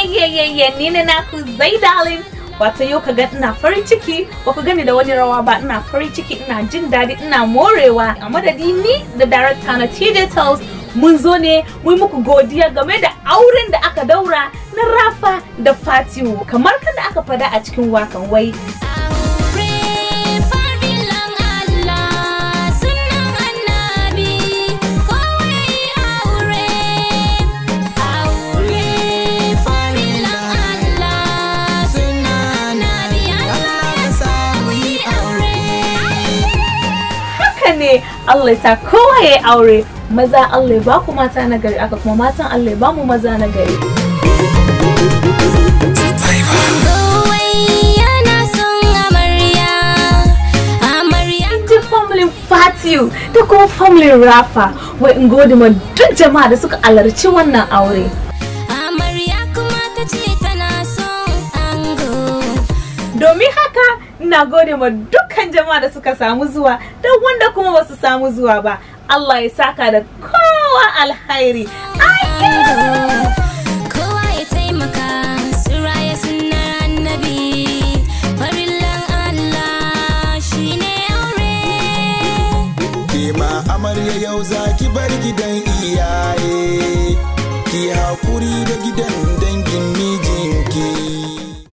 yayyayyayya ni ne naku zai dalin wata yau ka ga ina farin ciki ba ku gani da wani rawa ba ina farin ciki ina jin daɗi ina morewa a madadi ni da director na TJ Tales mun zo ne mun muku godiya game da auren da aka daura na Rafa da Fatiu kamar kan aka fada a cikin wakan wai. Allah ya sa kowa ya aure maza Allah ya ba ku mata na gari aka kuma matan Allah ya ba mu maza na gari Fatiu da kuma family Rafa wai in gode ma duk jama'a da suka alarci wannan aure. Domin haka ina gode ma duk dukkan jama'a da suka samu zuwa da wanda kuma ba su samu zuwa ba Allah ya saka da kowa alhairi kowa ya taimaka annabi amarya yau zaki bar gidan iya